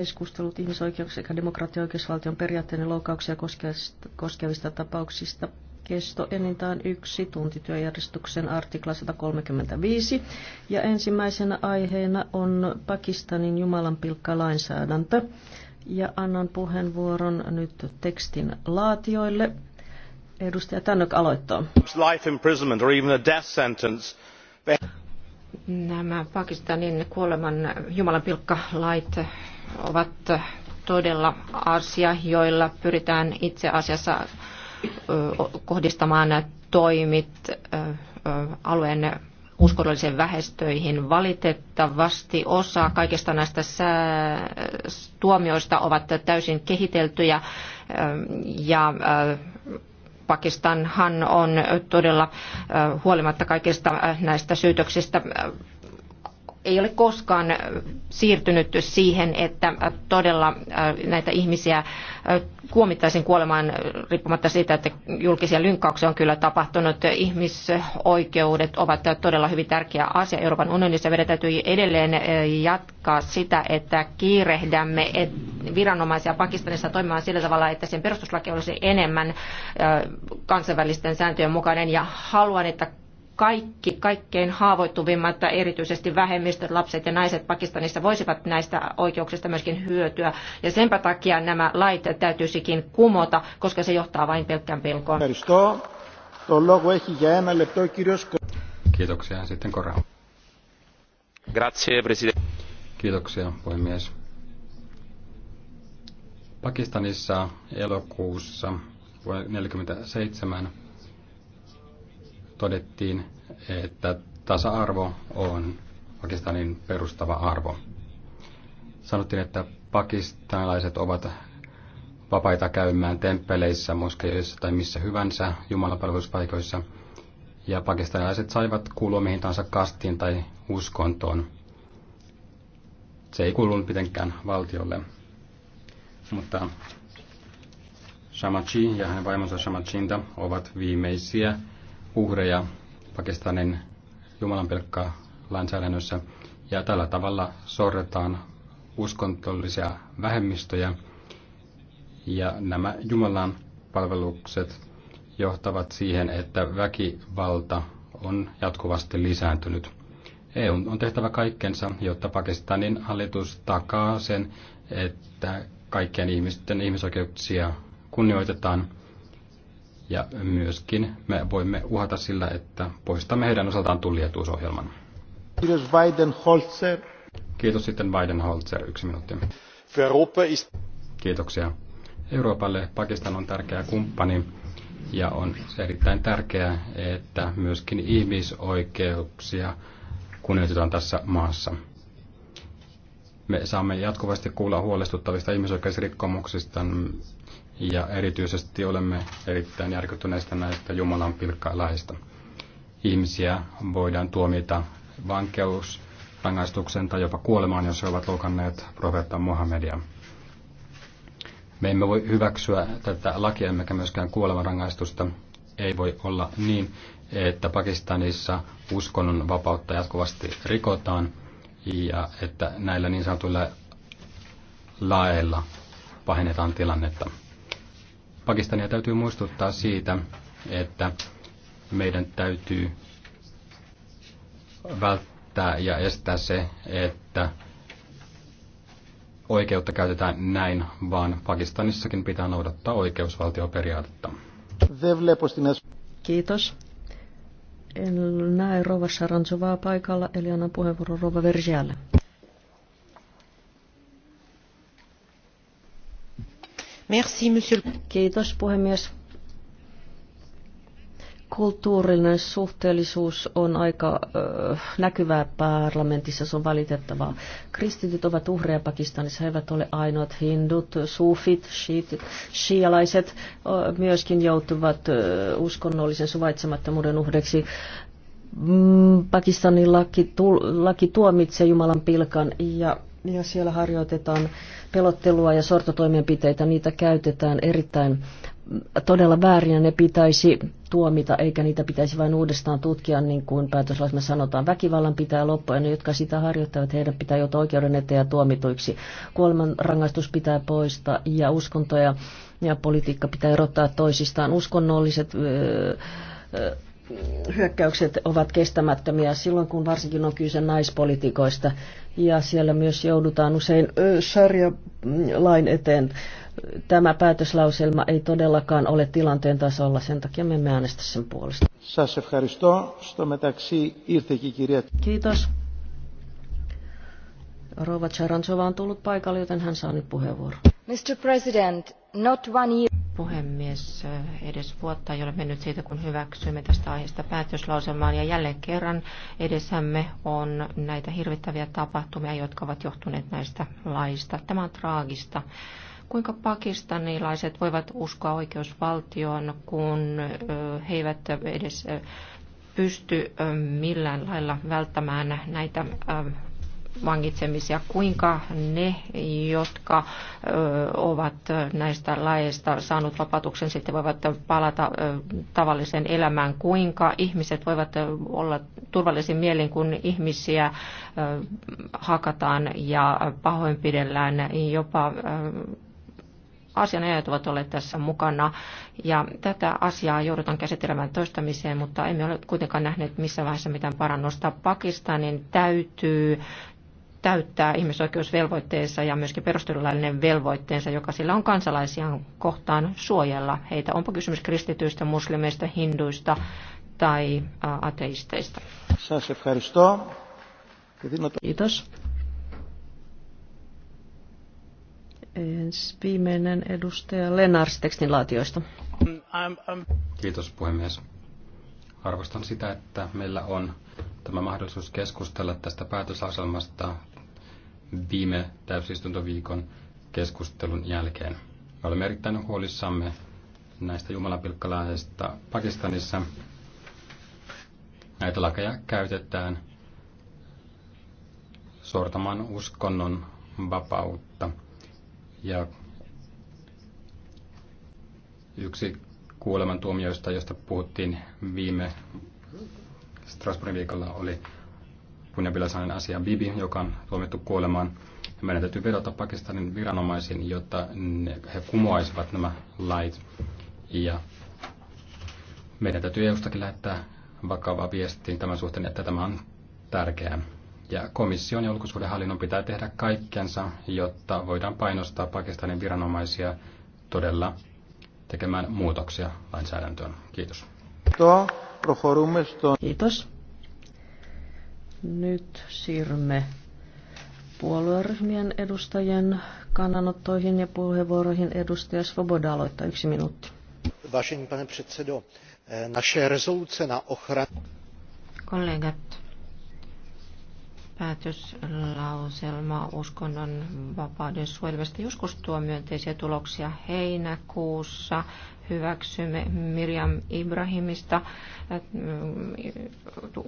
Keskustelut ihmisoikeuksia sekä demokratia- ja oikeusvaltion periaatteiden loukauksia koskevista tapauksista kesto enintään yksi tunti työjärjestyksen artikla 135. Ja ensimmäisenä aiheena on Pakistanin jumalanpilkkalainsäädäntö. Ja annan puheenvuoron nyt tekstin laatioille. Edustaja Tannok aloittaa. Life imprisonment or even a death sentence. Nämä Pakistanin kuoleman lait ovat todella asia, joilla pyritään itse asiassa kohdistamaan toimit alueen uskonnollisiin vähestöihin. Valitettavasti osa kaikista näistä tuomioista ovat täysin kehiteltyjä ja Pakistanhan on todella huolimatta kaikista näistä syytöksistä ei ole koskaan siirtynyt siihen, että todella näitä ihmisiä kuomittaisiin kuolemaan riippumatta siitä, että julkisia lynkkauksia on kyllä tapahtunut. Ihmisoikeudet ovat todella hyvin tärkeä asia Euroopan unionissa. Meidän täytyy edelleen jatkaa sitä, että kiirehdämme viranomaisia Pakistanissa toimimaan sillä tavalla, että sen perustuslaki olisi enemmän kansainvälisten sääntöjen mukainen. Ja haluan, että kaikki kaikkein haavoittuvimmat, erityisesti vähemmistöt, lapset ja naiset Pakistanissa voisivat näistä oikeuksista myöskin hyötyä. Ja senpä takia nämä lait täytyisikin kumota, koska se johtaa vain pelkkään pelkoon. Kiitoksia. Sitten Korao. Grazie, president. Kiitoksia, puhemies. Pakistanissa elokuussa vuonna 1947 todettiin, että tasa-arvo on Pakistanin perustava arvo. Sanottiin, että pakistanilaiset ovat vapaita käymään temppeleissä, moskeijoissa tai missä hyvänsä jumalapalveluspaikoissa. Ja pakistanilaiset saivat kuulua mihin tahansa kastiin tai uskontoon. Se ei kuulunut mitenkään valtiolle. Mutta Shamachi ja hänen vaimonsa Shamachinta ovat viimeisiä uhreja Pakistanin jumalanpelkkaa lainsäädännössä ja tällä tavalla sorretaan uskontollisia vähemmistöjä ja nämä Jumalan palvelukset johtavat siihen, että väkivalta on jatkuvasti lisääntynyt. EU on tehtävä kaikkensa, jotta Pakistanin hallitus takaa sen, että kaikkien ihmisten ihmisoikeuksia kunnioitetaan – ja myöskin me voimme uhata sillä, että poistamme heidän osaltaan tullietuusohjelman. Kiitos Weidenholzer. Kiitos sitten Weidenholzer, yksi minuutti. Kiitoksia. Euroopalle Pakistan on tärkeä kumppani ja on erittäin tärkeää, että myöskin ihmisoikeuksia kunnioitetaan tässä maassa. Me saamme jatkuvasti kuulla huolestuttavista ihmisoikeusrikkomuksista ja erityisesti olemme erittäin järkyttyneistä näistä Jumalan pilkkailaista. Ihmisiä voidaan tuomita vankeus, rangaistuksen tai jopa kuolemaan, jos he ovat loukanneet profeetta Muhammedia. Me emme voi hyväksyä tätä lakia emmekä myöskään kuolemanrangaistusta. Ei voi olla niin, että Pakistanissa uskonnon vapautta jatkuvasti rikotaan ja että näillä niin sanotuilla laeilla pahennetaan tilannetta. Pakistania täytyy muistuttaa siitä, että meidän täytyy välttää ja estää se, että oikeutta käytetään näin, vaan Pakistanissakin pitää noudattaa oikeusvaltioperiaatetta. Kiitos. En näe Rova Saranzovaa paikalla, eli annan puheenvuoron Rova Vergialle. Kiitos puhemies. Kulttuurinen suhteellisuus on aika näkyvää parlamentissa, se on valitettavaa. Kristityt ovat uhreja Pakistanissa, he eivät ole ainoat hindut, sufit, shialaiset myöskin joutuvat uskonnollisen suvaitsemattomuuden uhreiksi. Mm, Pakistanin laki, tu, laki tuomitsee Jumalan pilkan ja ja siellä harjoitetaan pelottelua ja sortotoimenpiteitä. Niitä käytetään erittäin todella väärin ja ne pitäisi tuomita, eikä niitä pitäisi vain uudestaan tutkia, niin kuin päätöslaissa sanotaan. Väkivallan pitää loppua ja ne, jotka sitä harjoittavat, heidän pitää joutua oikeuden eteen ja tuomituiksi. Kuoleman rangaistus pitää poistaa ja uskontoja ja politiikka pitää erottaa toisistaan. Uskonnolliset öö, öö, hyökkäykset ovat kestämättömiä silloin, kun varsinkin on kyse naispolitiikoista. Ja siellä myös joudutaan usein sarjalain eteen. Tämä päätöslauselma ei todellakaan ole tilanteen tasolla, sen takia me emme äänestä sen puolesta. Kiitos. Rova Charantsova on tullut paikalle, joten hän saa nyt puheenvuoron. Mr. President, not one year puhemies. Edes vuotta ei ole mennyt siitä, kun hyväksyimme tästä aiheesta päätöslauselmaan. Ja jälleen kerran edessämme on näitä hirvittäviä tapahtumia, jotka ovat johtuneet näistä laista. Tämä on traagista kuinka pakistanilaiset voivat uskoa oikeusvaltioon, kun he eivät edes pysty millään lailla välttämään näitä vangitsemisia, kuinka ne, jotka ovat näistä laeista saanut vapautuksen, sitten voivat palata tavalliseen elämään, kuinka ihmiset voivat olla turvallisin mielin, kun ihmisiä hakataan ja pahoinpidellään jopa asianajat ovat olleet tässä mukana. Ja tätä asiaa joudutaan käsittelemään toistamiseen, mutta emme ole kuitenkaan nähneet missä vaiheessa mitään parannusta. Pakistanin täytyy täyttää ihmisoikeusvelvoitteensa ja myöskin perustuslaillinen velvoitteensa, joka sillä on kansalaisiaan kohtaan suojella. Heitä onpa kysymys kristityistä, muslimeista, hinduista tai ateisteista. Kiitos. Ensi viimeinen edustaja Lenars tekstin laatioista. Kiitos puhemies. Arvostan sitä, että meillä on tämä mahdollisuus keskustella tästä päätösasemasta viime täysistuntoviikon keskustelun jälkeen. Me olemme erittäin huolissamme näistä jumalapilkkalaisista Pakistanissa. Näitä lakeja käytetään sortamaan uskonnon vapautta. Ja yksi kuolemantuomioista, josta puhuttiin viime Strasbourgin viikolla, oli kunnianpilaisen asian Bibi, joka on tuomittu kuolemaan. Meidän täytyy vedota Pakistanin viranomaisiin, jotta ne, he kumoaisivat nämä lait. Ja meidän täytyy EU-stakin lähettää vakavaa viestiin tämän suhteen, että tämä on tärkeää. Ja komission ja ulkosuhdehallinnon pitää tehdä kaikkensa, jotta voidaan painostaa Pakistanin viranomaisia todella tekemään muutoksia lainsäädäntöön. Kiitos. Kiitos. Nyt siirrymme puolueryhmien edustajien kannanottoihin ja puheenvuoroihin. Edustaja Svoboda aloittaa yksi minuutti. Vážený pane předsedo, eh, naše rezoluce na ochranu... Kollegat, päätöslauselma uskonnon vapauden suojelmasta joskus tuo myönteisiä tuloksia heinäkuussa hyväksymme Miriam Ibrahimista äh,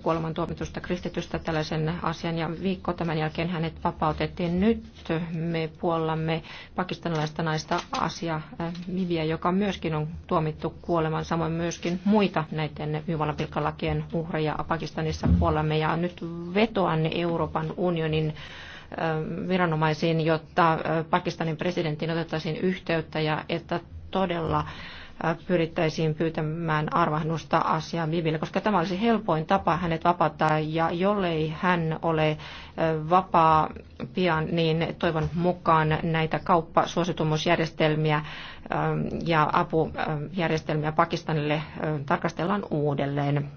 kuolemantuomitusta kristitystä tällaisen asian. Ja viikko tämän jälkeen hänet vapautettiin. Nyt me puollamme pakistanilaista naista asia Miviä, äh, joka myöskin on tuomittu kuolemaan. Samoin myöskin muita näiden Jumalanpilkkalakien uhreja Pakistanissa puolamme Ja nyt vetoan Euroopan unionin äh, viranomaisiin, jotta Pakistanin presidenttiin otettaisiin yhteyttä ja että todella pyrittäisiin pyytämään arvahdusta asiaan Bibille, koska tämä olisi helpoin tapa hänet vapauttaa ja jollei hän ole vapaa pian, niin toivon mukaan näitä kauppasuositumusjärjestelmiä ja apujärjestelmiä Pakistanille tarkastellaan uudelleen.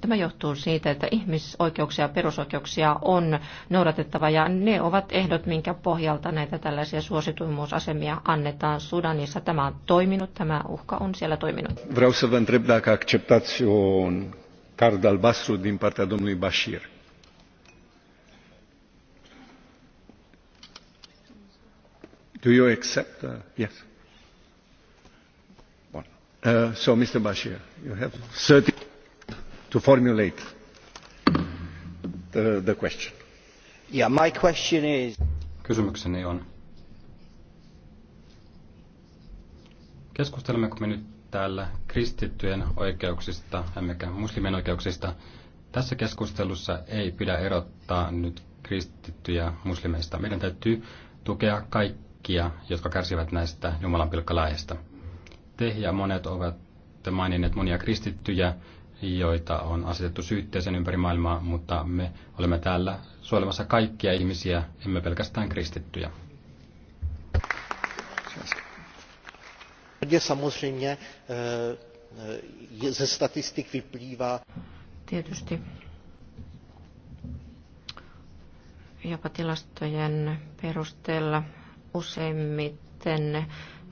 Tämä johtuu siitä, että ihmisoikeuksia ja perusoikeuksia on noudatettava ja ne ovat ehdot, minkä pohjalta näitä tällaisia suosituimuusasemia annetaan Sudanissa. Tämä on toiminut, tämä uhka on siellä toiminut. Vreau să vă întreb dacă acceptați un card albastru din partea domnului Bashir. Do you accept? Uh, yes. Uh, so, Mr. Bashir, you have 30 to formulate the, question. my question is... Kysymykseni on, keskustelemmeko me nyt täällä kristittyjen oikeuksista, emmekä muslimien oikeuksista. Tässä keskustelussa ei pidä erottaa nyt kristittyjä muslimeista. Meidän täytyy tukea kaikkia, jotka kärsivät näistä Jumalan pilkkalaista. Te ja monet ovat maininneet monia kristittyjä, joita on asetettu syytteeseen ympäri maailmaa, mutta me olemme täällä suojelemassa kaikkia ihmisiä, emme pelkästään kristittyjä. Eh, eh, Tietysti jopa tilastojen perusteella useimmiten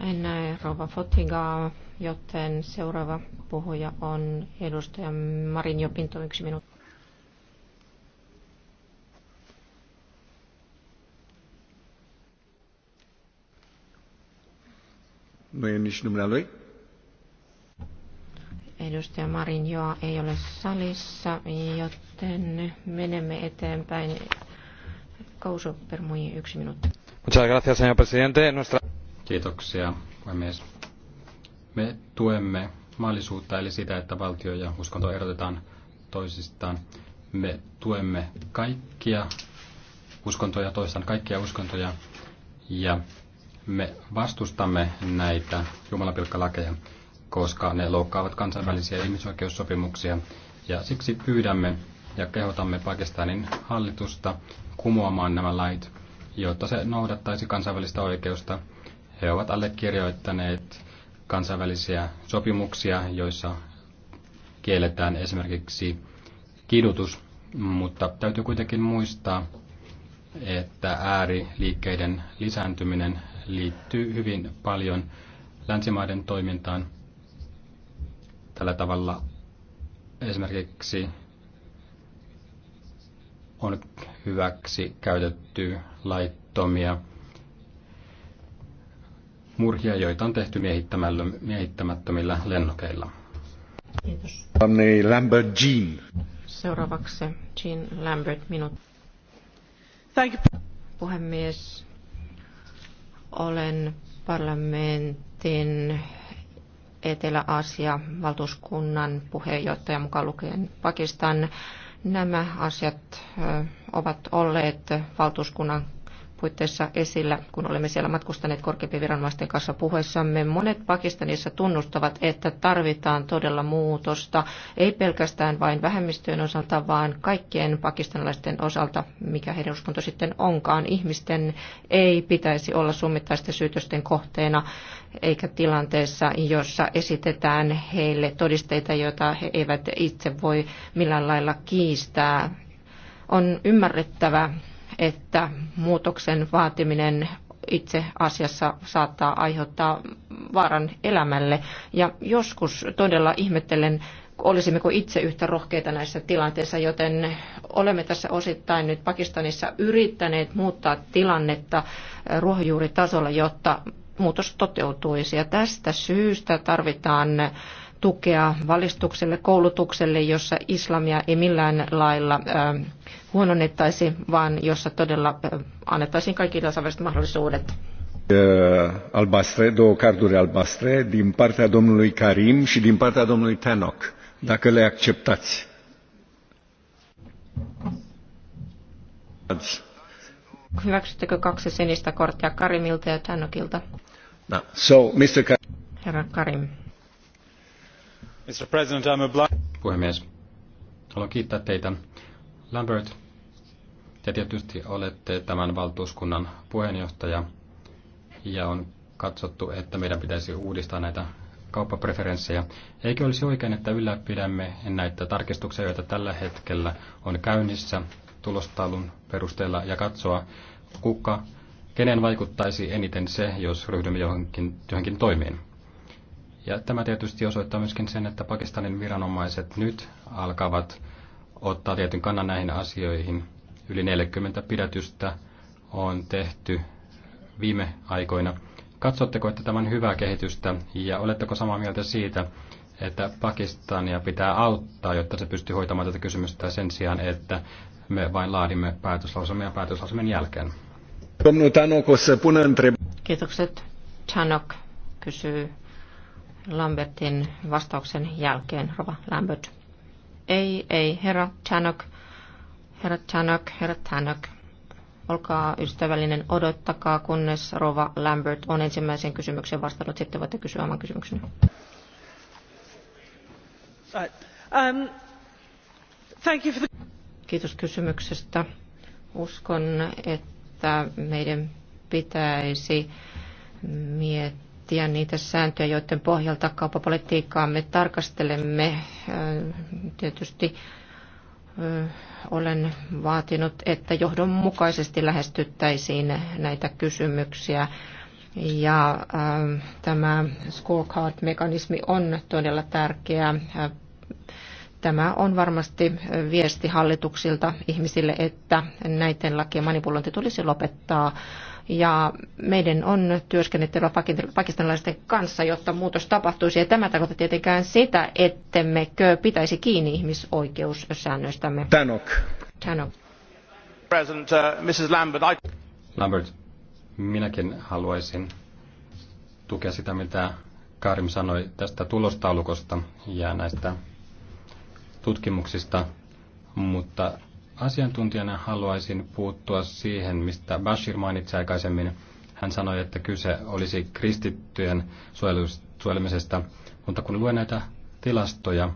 En näe eh, rouva Fotigaa, joten seuraava puhuja on edustaja Marin Jopinto, yksi minuutti. Nu e nici dumnealui? Edustaja Marin Joa ei ole salissa, joten menemme eteenpäin Couso per yksi minuutti. Muchas gracias, señor presidente. Nuestra... Kiitoksia, puhemies. Me tuemme maallisuutta, eli sitä, että valtio ja uskonto erotetaan toisistaan. Me tuemme kaikkia uskontoja, toistan kaikkia uskontoja, ja me vastustamme näitä jumalapilkkalakeja, koska ne loukkaavat kansainvälisiä ihmisoikeussopimuksia, ja siksi pyydämme, ja kehotamme Pakistanin hallitusta kumoamaan nämä lait, jotta se noudattaisi kansainvälistä oikeusta. He ovat allekirjoittaneet kansainvälisiä sopimuksia, joissa kielletään esimerkiksi kidutus, mutta täytyy kuitenkin muistaa, että ääriliikkeiden lisääntyminen liittyy hyvin paljon länsimaiden toimintaan. Tällä tavalla esimerkiksi on hyväksi käytetty laittomia murhia, joita on tehty miehittämättömillä lennokeilla. Kiitos. Lambert Jean. Seuraavaksi Jean Lambert, minut. Thank you. Puhemies, olen parlamentin Etelä-Aasia valtuuskunnan puheenjohtaja mukaan lukien Pakistan Nämä asiat ovat olleet valtuuskunnan puitteissa esillä, kun olemme siellä matkustaneet korkeimpien viranomaisten kanssa puheissamme. Monet Pakistanissa tunnustavat, että tarvitaan todella muutosta, ei pelkästään vain vähemmistöjen osalta, vaan kaikkien pakistanilaisten osalta, mikä heidän uskonto sitten onkaan. Ihmisten ei pitäisi olla summittaisten syytösten kohteena eikä tilanteessa, jossa esitetään heille todisteita, joita he eivät itse voi millään lailla kiistää. On ymmärrettävä, että muutoksen vaatiminen itse asiassa saattaa aiheuttaa vaaran elämälle. Ja joskus todella ihmettelen, olisimmeko itse yhtä rohkeita näissä tilanteissa, joten olemme tässä osittain nyt Pakistanissa yrittäneet muuttaa tilannetta ruohonjuuritasolla, jotta muutos toteutuisi. Ja tästä syystä tarvitaan tukea valistukselle, koulutukselle, jossa islamia ei millään lailla huononnettaisi, vaan jossa todella annettaisiin kaikki tasavertaiset mahdollisuudet. Albastre, două carduri albastre din partea domnului Karim și din partea domnului Tanok, dacă le acceptați. Hyväksyttekö kaksi sinistä korttia Karimilta ja Tanokilta? No. So, Mr. Kar- Herra Karim. Mr. President, I'm Puhemies, haluan kiittää teitä. Lambert, te tietysti olette tämän valtuuskunnan puheenjohtaja ja on katsottu, että meidän pitäisi uudistaa näitä kauppapreferenssejä. Eikö olisi oikein, että ylläpidämme näitä tarkistuksia, joita tällä hetkellä on käynnissä tulostaulun perusteella ja katsoa, kuka, kenen vaikuttaisi eniten se, jos ryhdymme johonkin, johonkin toimiin. Ja tämä tietysti osoittaa myöskin sen, että Pakistanin viranomaiset nyt alkavat ottaa tietyn kannan näihin asioihin. Yli 40 pidätystä on tehty viime aikoina. Katsotteko, että tämä on hyvää kehitystä ja oletteko samaa mieltä siitä, että Pakistania pitää auttaa, jotta se pystyy hoitamaan tätä kysymystä sen sijaan, että me vain laadimme päätöslausumia päätöslausumien jälkeen? Kiitokset. Chanok kysyy Lambertin vastauksen jälkeen. Rova Lambert. Ei, ei, herra Chanok. Herra Chanok, herra Chanok. Olkaa ystävällinen, odottakaa, kunnes Rova Lambert on ensimmäisen kysymyksen vastannut. Sitten voitte kysyä oman kysymyksen. Um, Kiitos kysymyksestä. Uskon, että meidän pitäisi miettiä miettiä niitä sääntöjä, joiden pohjalta kauppapolitiikkaa me tarkastelemme. Tietysti olen vaatinut, että johdonmukaisesti lähestyttäisiin näitä kysymyksiä. Ja tämä scorecard-mekanismi on todella tärkeä. Tämä on varmasti viesti hallituksilta ihmisille, että näiden lakien manipulointi tulisi lopettaa ja meidän on työskennettävä pakistanilaisten kanssa, jotta muutos tapahtuisi. Ja tämä tarkoittaa tietenkään sitä, ettemmekö pitäisi kiinni ihmisoikeussäännöistämme. Tanok. Tanok. President, uh, Mrs. Lambert, I... Lambert, minäkin haluaisin tukea sitä, mitä Karim sanoi tästä tulostaulukosta ja näistä tutkimuksista, mutta Asiantuntijana haluaisin puuttua siihen, mistä Bashir mainitsi aikaisemmin. Hän sanoi, että kyse olisi kristittyjen suojelemisesta, mutta kun luen näitä tilastoja,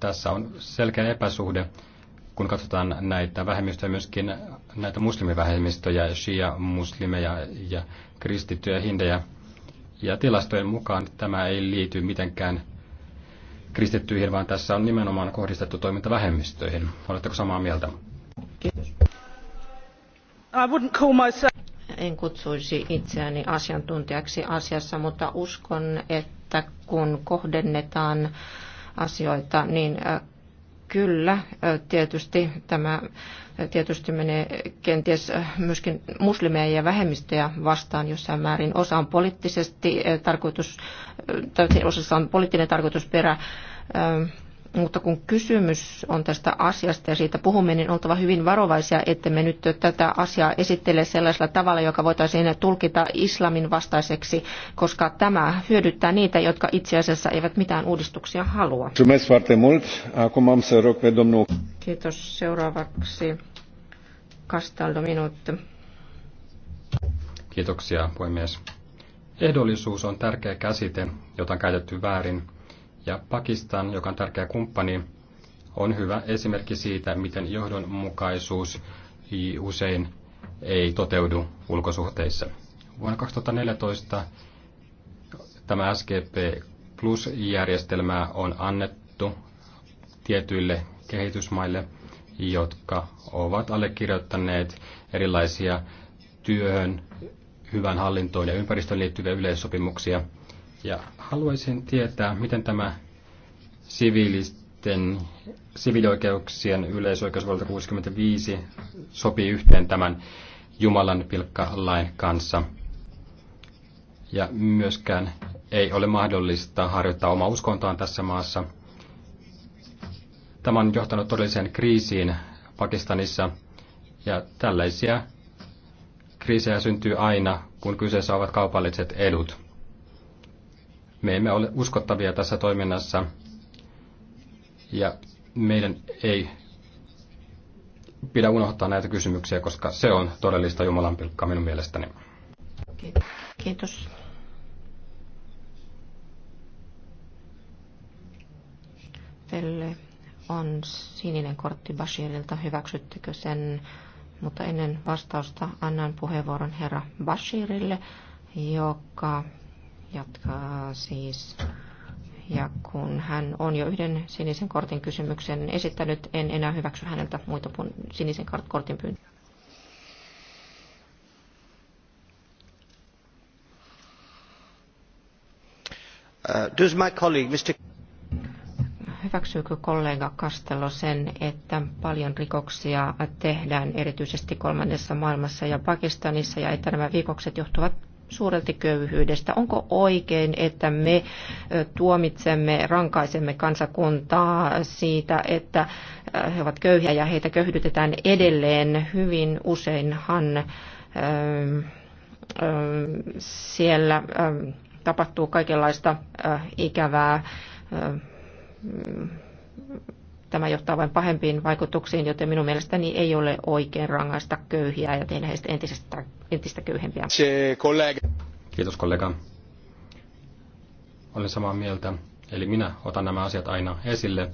tässä on selkeä epäsuhde, kun katsotaan näitä vähemmistöjä, myöskin näitä muslimivähemmistöjä, shia-muslimeja ja kristittyjä hindejä. Ja tilastojen mukaan tämä ei liity mitenkään kristittyihin, vaan tässä on nimenomaan kohdistettu toiminta vähemmistöihin. Oletteko samaa mieltä? Kiitos. En kutsuisi itseäni asiantuntijaksi asiassa, mutta uskon, että kun kohdennetaan asioita, niin Kyllä, tietysti tämä tietysti menee kenties myöskin muslimeja ja vähemmistöjä vastaan jossain määrin. Osa on poliittisesti tarkoitus, osassa on poliittinen tarkoitusperä mutta kun kysymys on tästä asiasta ja siitä puhumme, niin oltava hyvin varovaisia, että me nyt tätä asiaa esittele sellaisella tavalla, joka voitaisiin tulkita islamin vastaiseksi, koska tämä hyödyttää niitä, jotka itse asiassa eivät mitään uudistuksia halua. Kiitos. Seuraavaksi Kastaldo minuutti. Kiitoksia, puhemies. Ehdollisuus on tärkeä käsite, jota on käytetty väärin ja Pakistan, joka on tärkeä kumppani, on hyvä esimerkki siitä, miten johdonmukaisuus usein ei toteudu ulkosuhteissa. Vuonna 2014 tämä SGP plus järjestelmä on annettu tietyille kehitysmaille, jotka ovat allekirjoittaneet erilaisia työhön, hyvän hallintoon ja ympäristöön liittyviä yleissopimuksia – ja haluaisin tietää, miten tämä siviilisten, siviilioikeuksien yleisoikeusvalta 65 sopii yhteen tämän Jumalan pilkkalain kanssa. Ja myöskään ei ole mahdollista harjoittaa omaa uskontoaan tässä maassa. Tämä on johtanut todelliseen kriisiin Pakistanissa ja tällaisia kriisejä syntyy aina, kun kyseessä ovat kaupalliset edut. Me emme ole uskottavia tässä toiminnassa ja meidän ei pidä unohtaa näitä kysymyksiä, koska se on todellista Jumalan pilkkaa minun mielestäni. Kiitos. Pelle on sininen kortti Bashirilta. Hyväksyttekö sen? Mutta ennen vastausta annan puheenvuoron herra Bashirille, joka jatkaa siis. Ja kun hän on jo yhden sinisen kortin kysymyksen esittänyt, en enää hyväksy häneltä muita sinisen kortin pyyntöjä. Uh, does my colleague Mr. Hyväksyykö kollega Castello sen, että paljon rikoksia tehdään erityisesti kolmannessa maailmassa ja Pakistanissa ja että nämä viikokset johtuvat suurelti köyhyydestä. Onko oikein, että me tuomitsemme, rankaisemme kansakuntaa siitä, että he ovat köyhiä ja heitä köyhdytetään edelleen? Hyvin useinhan siellä tapahtuu kaikenlaista ikävää tämä johtaa vain pahempiin vaikutuksiin, joten minun mielestäni ei ole oikein rangaista köyhiä ja tehdä heistä entisestä, entistä köyhempiä. Kiitos kollega. Olen samaa mieltä. Eli minä otan nämä asiat aina esille,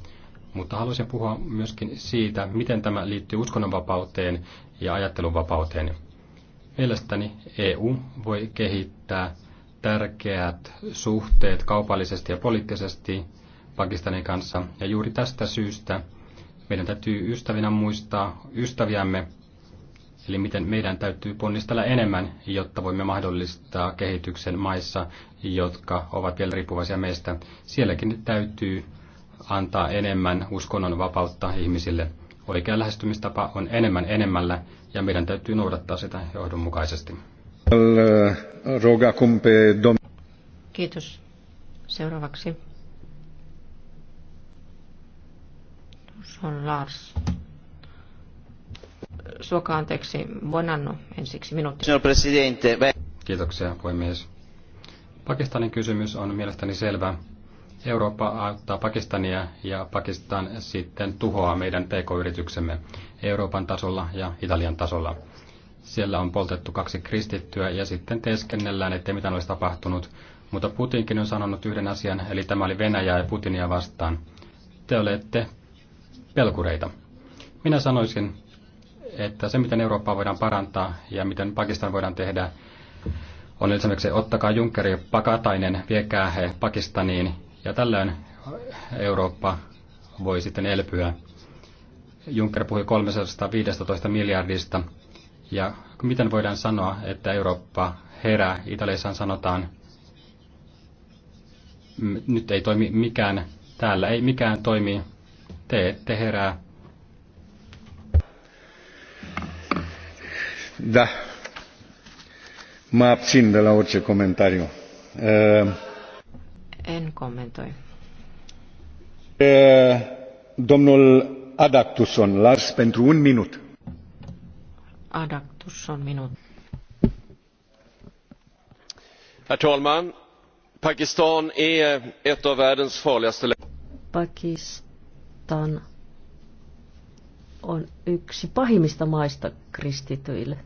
mutta haluaisin puhua myöskin siitä, miten tämä liittyy uskonnonvapauteen ja ajattelunvapauteen. Mielestäni EU voi kehittää tärkeät suhteet kaupallisesti ja poliittisesti Pakistanin kanssa. Ja juuri tästä syystä meidän täytyy ystävinä muistaa ystäviämme, eli miten meidän täytyy ponnistella enemmän, jotta voimme mahdollistaa kehityksen maissa, jotka ovat vielä riippuvaisia meistä. Sielläkin täytyy antaa enemmän uskonnon vapautta ihmisille. Oikea lähestymistapa on enemmän enemmällä, ja meidän täytyy noudattaa sitä johdonmukaisesti. Kiitos. Seuraavaksi Son Lars. Suokaa anteeksi, anno ensiksi minuutti. Signor Presidente. Kiitoksia, puhemies. Pakistanin kysymys on mielestäni selvä. Eurooppa auttaa Pakistania ja Pakistan sitten tuhoaa meidän pk-yrityksemme Euroopan tasolla ja Italian tasolla. Siellä on poltettu kaksi kristittyä ja sitten teeskennellään, ettei mitään olisi tapahtunut. Mutta Putinkin on sanonut yhden asian, eli tämä oli Venäjää ja Putinia vastaan. Te olette pelkureita. Minä sanoisin, että se miten Eurooppaa voidaan parantaa ja miten Pakistan voidaan tehdä, on esimerkiksi ottakaa junkeri pakatainen, viekää he Pakistaniin ja tällöin Eurooppa voi sitten elpyä. Juncker puhui 315 miljardista ja miten voidaan sanoa, että Eurooppa herää, Italiassa sanotaan, nyt ei toimi mikään, täällä ei mikään toimi, te, te herää. Da. Mä abțin de la orice comentariu. Uh, ehm, en kommentoi. Uh, domnul Adactuson Lars pentru un minut. Adactuson minut. Herr talman! Pakistan är ett av världens farligaste länder. Afganistan on yksi pahimmista maista kristityille.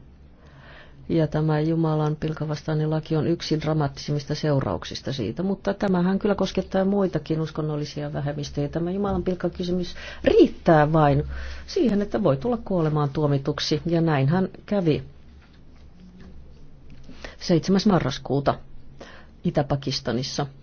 Ja tämä Jumalan pilkavastainen laki on yksi dramaattisimmista seurauksista siitä, mutta tämähän kyllä koskettaa muitakin uskonnollisia vähemmistöjä. Tämä Jumalan pilkakysymys riittää vain siihen, että voi tulla kuolemaan tuomituksi, ja näin hän kävi 7. marraskuuta Itä-Pakistanissa –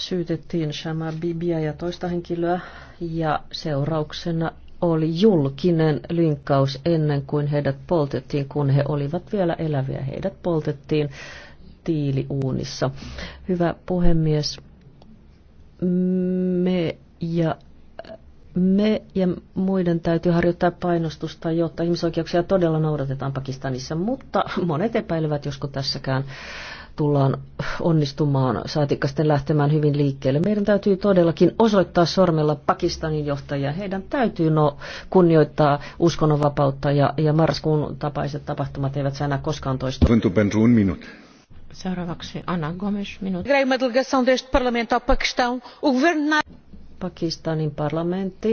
syytettiin Shama Bibia ja toista henkilöä ja seurauksena oli julkinen linkkaus ennen kuin heidät poltettiin, kun he olivat vielä eläviä. Heidät poltettiin tiiliuunissa. Hyvä puhemies, me ja me ja muiden täytyy harjoittaa painostusta, jotta ihmisoikeuksia todella noudatetaan Pakistanissa, mutta monet epäilevät, josko tässäkään tullaan onnistumaan, saatikka lähtemään hyvin liikkeelle. Meidän täytyy todellakin osoittaa sormella Pakistanin johtajia. Heidän täytyy no, kunnioittaa uskonnonvapautta ja, ja marraskuun tapaiset tapahtumat eivät saa enää koskaan toistua. Seuraavaksi Anna Gomes, minuutti. Pakistanin parlamentti,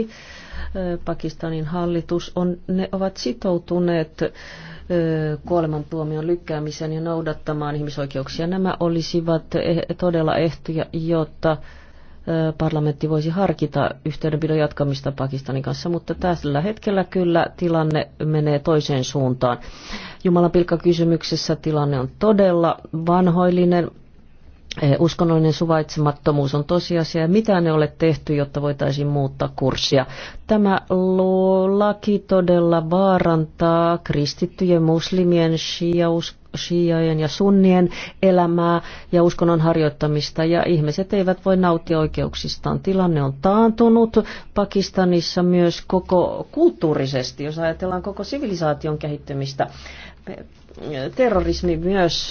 eh, Pakistanin hallitus, on, ne ovat sitoutuneet kuolemantuomion lykkäämisen ja noudattamaan ihmisoikeuksia. Nämä olisivat e, todella ehtoja, jotta parlamentti voisi harkita yhteydenpidon jatkamista Pakistanin kanssa, mutta tällä hetkellä kyllä tilanne menee toiseen suuntaan. Jumalan kysymyksessä tilanne on todella vanhoillinen Eh, uskonnollinen suvaitsemattomuus on tosiasia mitä ne ole tehty, jotta voitaisiin muuttaa kurssia. Tämä laki todella vaarantaa kristittyjen, muslimien, shiaus, shiaien ja sunnien elämää ja uskonnon harjoittamista ja ihmiset eivät voi nauttia oikeuksistaan. Tilanne on taantunut Pakistanissa myös koko kulttuurisesti, jos ajatellaan koko sivilisaation kehittymistä terrorismi myös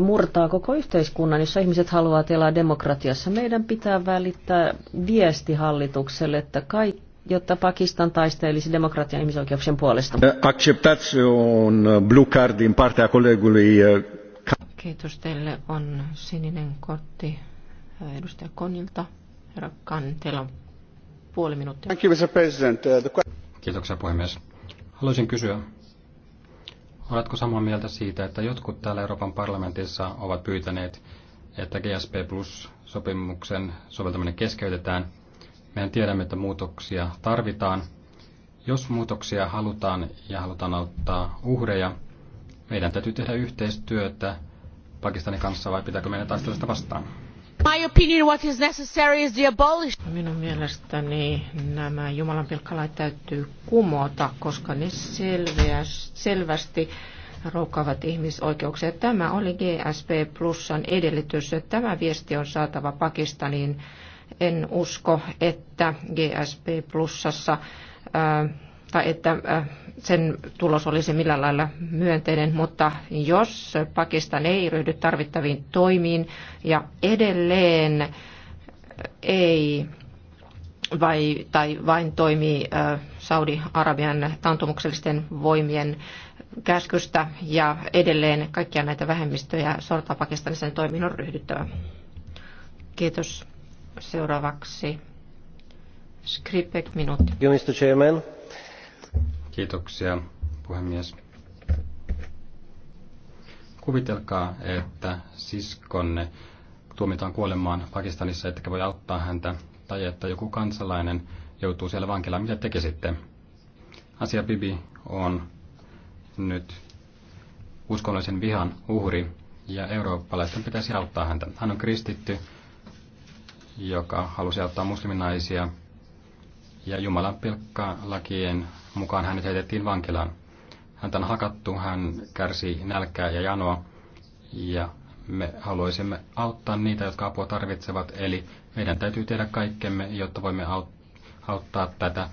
murtaa koko yhteiskunnan, jossa ihmiset haluavat elää demokratiassa. Meidän pitää välittää viesti hallitukselle, että kaikki jotta Pakistan taistelisi demokratian ihmisoikeuksien puolesta. Acceptați blue cardin partea Kiitos teille. On sininen kortti edustaja Konilta. Herra Kan, teillä on puoli minuuttia. Uh, Kiitoksia puhemies. Haluaisin kysyä, Oletko samaa mieltä siitä, että jotkut täällä Euroopan parlamentissa ovat pyytäneet, että GSP Plus-sopimuksen soveltaminen keskeytetään? Mehän tiedämme, että muutoksia tarvitaan. Jos muutoksia halutaan ja halutaan auttaa uhreja, meidän täytyy tehdä yhteistyötä Pakistanin kanssa vai pitääkö meidän taistella sitä vastaan? My opinion what is necessary is the abolition. Minun mielestäni nämä jumalanpilkkalait täytyy kumota, koska ne selvästi rokkaavat ihmisoikeuksia. Tämä oli GSP Plusan edellytys. Tämä viesti on saatava Pakistaniin. En usko, että GSP Plusassa äh, tai että äh, sen tulos olisi millään lailla myönteinen, mutta jos Pakistan ei ryhdy tarvittaviin toimiin ja edelleen ei vai, tai vain toimii äh, Saudi-Arabian tantumuksellisten voimien käskystä ja edelleen kaikkia näitä vähemmistöjä sortaa niin toimiin on ryhdyttävä. Kiitos. Seuraavaksi Skripek minuutti. Mr. Chairman. Kiitoksia, puhemies. Kuvitelkaa, että siskonne tuomitaan kuolemaan Pakistanissa, ettekä voi auttaa häntä, tai että joku kansalainen joutuu siellä vankilaan. Mitä tekisitte? Asia Bibi on nyt uskonnollisen vihan uhri, ja eurooppalaisten pitäisi auttaa häntä. Hän on kristitty, joka halusi auttaa musliminaisia, ja Jumalan pilkkaa lakien mukaan hänet heitettiin vankilaan. Häntä on hakattu, hän kärsii nälkää ja janoa ja me haluaisimme auttaa niitä, jotka apua tarvitsevat. Eli meidän täytyy tehdä kaikkemme, jotta voimme auttaa tätä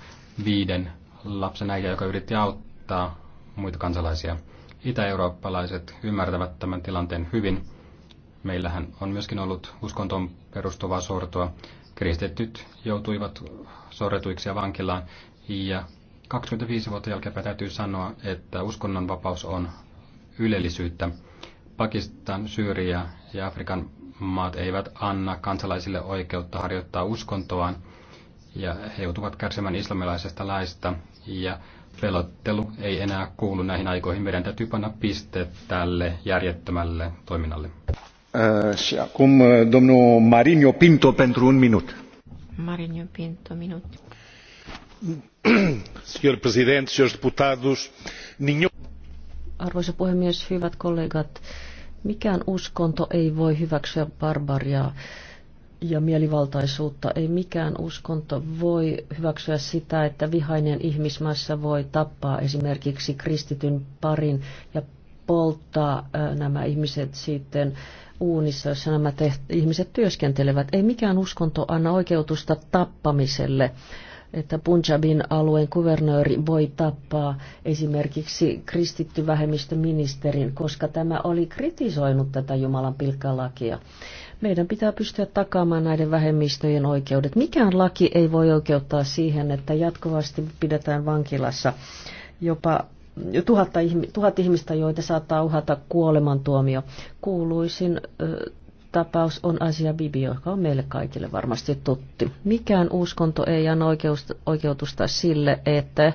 viiden lapsen äijä, joka yritti auttaa muita kansalaisia. Itä-eurooppalaiset ymmärtävät tämän tilanteen hyvin. Meillähän on myöskin ollut uskontoon perustuvaa sortoa. Kristityt joutuivat sorretuiksi ja vankilaan ja 25 vuotta jälkeenpäin täytyy sanoa, että uskonnonvapaus on ylellisyyttä. Pakistan, Syyria ja Afrikan maat eivät anna kansalaisille oikeutta harjoittaa uskontoaan ja he joutuvat kärsimään islamilaisesta laista ja pelottelu ei enää kuulu näihin aikoihin. Meidän täytyy panna piste tälle järjettömälle toiminnalle. Äh, și domnul Marinho Pinto pentru un minut. Marinho Pinto, minut. Arvoisa puhemies, hyvät kollegat, mikään uskonto ei voi hyväksyä barbariaa ja mielivaltaisuutta. Ei mikään uskonto voi hyväksyä sitä, että vihainen ihmismassa voi tappaa esimerkiksi kristityn parin ja polttaa nämä ihmiset sitten uunissa, jossa nämä ihmiset työskentelevät. Ei mikään uskonto anna oikeutusta tappamiselle että Punjabin alueen kuvernööri voi tappaa esimerkiksi kristitty vähemmistöministerin, koska tämä oli kritisoinut tätä Jumalan pilkkalakia. Meidän pitää pystyä takaamaan näiden vähemmistöjen oikeudet. Mikään laki ei voi oikeuttaa siihen, että jatkuvasti pidetään vankilassa jopa tuhatta, tuhat ihmistä, joita saattaa uhata kuolemantuomio. Kuuluisin tapaus on asia Bibi, joka on meille kaikille varmasti tuttu. Mikään uskonto ei anna oikeutusta sille, että äh,